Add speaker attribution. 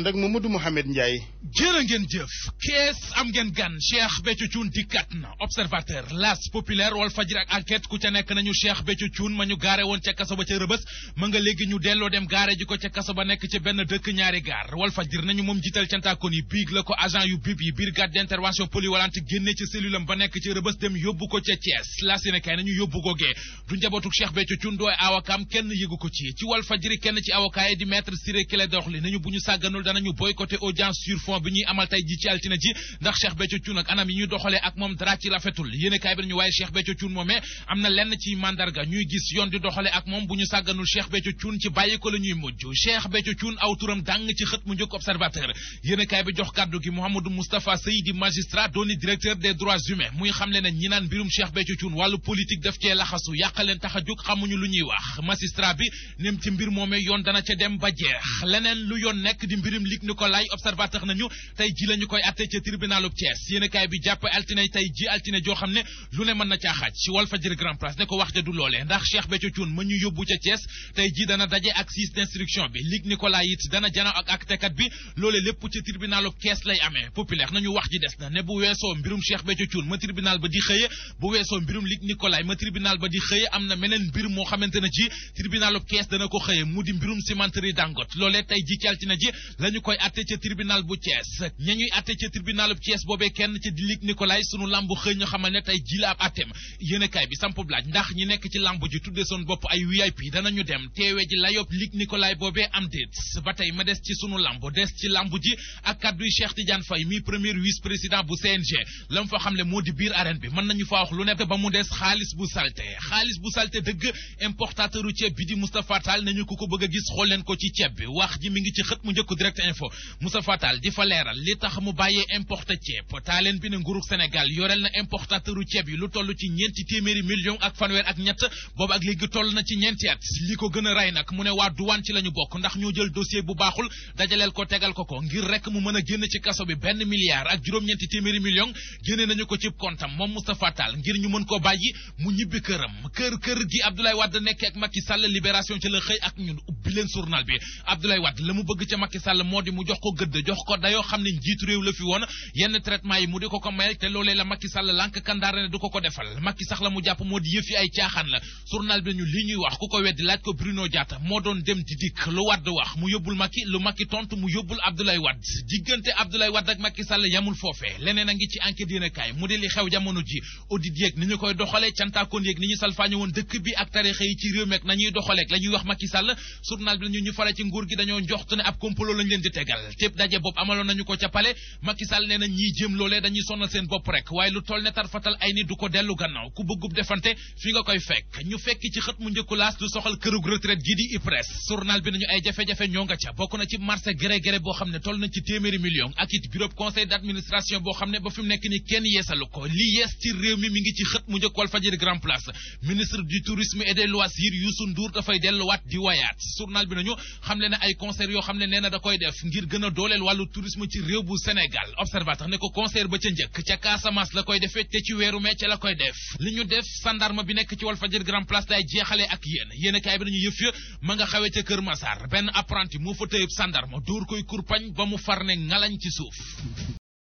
Speaker 1: ndak Mamadou Mouhamed Ndiaye jërë ngeen jëf kees am ngeen gan Cheikh Béthio Thioune dikkat na observateur las populaire wal fajir ak enquête ku ca nekk nañu Cheikh Béthio Thioune ma ñu gaare woon ca kaso ba ca rëbës mën nga léegi ñu delloo dem gaare ji ko ca kaso ba nekk ca benn dëkk ñaari gaar wal fajir nañu moom jiital cantaakon yi biig la ko agent yu bib yi brigade d'intervention polyvalente génne ci cellule am ba nekk ca rëbës dem yóbbu ko ca Thiès las yéene kay nañu yóbbu ko gee du njabootu Cheikh kenn yëgu ko ci ci wal kenn ci awakaay di maître Ciré bu ñu sàgganul danañu boycotté audience sur bi ñuy amal tey ji ci altine ji ndax Cheikh Béthio Thioune ak anam yi ñu doxalee ak moom dara ci rafetul yéenekaay bi nañu waaye Cheikh Béthio Thioune moomee am na lenn ci mandarga ñuy gis yoon di doxale ak moom bu ñu sàgganul Cheikh Béthio Thioune ci bàyyi ko la ñuy mujj Cheikh Béthio Thioune aw turam dàng ci xët mu njëkk observateur yéenekaay bi jox kàddu gi Mouhamadou Moustapha Seydi magistrat dooni directeur des droits humains muy a mbirum lig ni ko lay observateur nañu tey ji la koy atte ca tribunalub Thiès yéenekaay bi jàpp altine tey ji altine joo xam ne lu ne mën na caa xaaj ci Walfadjri Grand Place ne ko wax ja du loole ndax Cheikh Béthio Thioune ma ñu yóbbu ca Thiès tey ji dana daje ak six d'instruction bi lig ni ko lay it dana janoo ak attekat bi loole lépp ca tribunalub Thiès lay amee populaire nañu wax ji des na ne bu weesoo mbirum Cheikh Béthio Thioune ma tribunal ba di xëye bu weesoo mbirum lig ni ko lay ma tribunal ba di xëye am na meneen mbir moo na ci tribunalub ko xëye mu di mbirum cimenterie Dangote loole tey ji ci altine dañu koy atte ca tribunal bu Thiès ña ñuy atte ca tribunal bu Thiès boobee kenn ca di Luc Nicolaï sunu lamb xëy ñu xamal ne tey ji la ab attem yéenekaay bi samp laaj ndax ñi nekk ci lamb ji tudde son bopp ay VIP danañu dem teewe ji la yob Luc Nicolaï boobee am déet ba tey ma des ci sunu lamb des ci làmb ji ak kadduy Cheikh Tidiane Faye mi premier vice président bu CNG la mu fa xam ne moo di biir arène bi mën nañu fa wax lu ne ba mu des xaalis bu salte xaalis bu salte dëgg u ceeb bi di Moustapha Tall nañu ko ko bëgg a gis xool leen ko ci ceeb bi wax ji mi ngi ci xët mu njëkk direct direct info Moussa Fatal di fa leeral li tax mu bàyyee importé ceeb taaleen bi ne nguurug Sénégal yoreel na importateuru ceeb yi lu toll ci ñeenti téeméeri million ak fanweer ak ñett boobu ak léegi toll na ci ñeenti at li ko gën a ray nag mu ne waa duwaan ci la ñu bokk ndax ñoo jël dossier bu baaxul dajaleel ko tegal ko ko ngir rekk mu mën a génn ci kaso bi benn milliard ak juróom-ñeenti téeméeri million génne nañu ko ci kontam moom Moussa Fatal ngir ñu mën koo bàyyi mu ñibbi këram kër kër gi Abdoulaye Wade la xëy ak ñun ubbi leen journal bi Abdoulaye Wade la mu bëgg ca Macky Sall moo di mu jox ko gëdd jox ko dayoo xam ne njiitu réew la fi woon yenn traitement yi mu di ko ko mayel te loolee la Macky Sall lànk kandaara ne du ko ko defal Macky sax la mu jàpp moo di yëf ay caaxaan la journal bi ñu li ñuy wax ku ko weddi laaj ko Bruno Diatta moo doon dem di dikk lu Wade wax mu yóbbul Macky lu Macky tontu mu yóbbul Abdoulaye Wade diggante Abdoulaye Wade ak Macky Sall yamul foofee leneen a ngi ci enquête yéen a kaay mu di li xew jamono ji audit yeeg ni ñu koy doxalee cantaakoon wax Macky Sall journal bi lañ leen di tegal daje bopp amaloon nañu ko ca pale Macky Sall nee jëm loolee dañuy sonal seen bopp rek waaye lu toll ne tarfatal ay nit du ko dellu gannaaw ku bëggub defante fi nga koy fekk ñu fekk ci xët mu njëkku laas du soxal kërug retraite gi di IPRES journal bi nañu ay jafe-jafe ñoo nga ca bokk na ci marché gré gré boo xam ne toll na ci téeméeri million ak it bureau conseil d'administration boo xam ne ba fi nekk ni kenn yeesalu ko li yees ci réew koy def ngir gën a dooleel wàllu tourisme ci réew bu Sénégal observateur ne ko concert ba ca njëkk ca Casamance la koy defee te ci weeru mee la koy def li ñu def sandarma bi nekk ci Walfadjri Grand Place day jeexale ak yéen yéen kaay bi nañu yëf ya ma nga xawee ca Kër Massar benn apprenti moo fa tëyëb sandarma dóor koy kurpañ ba mu far ne ngalañ ci suuf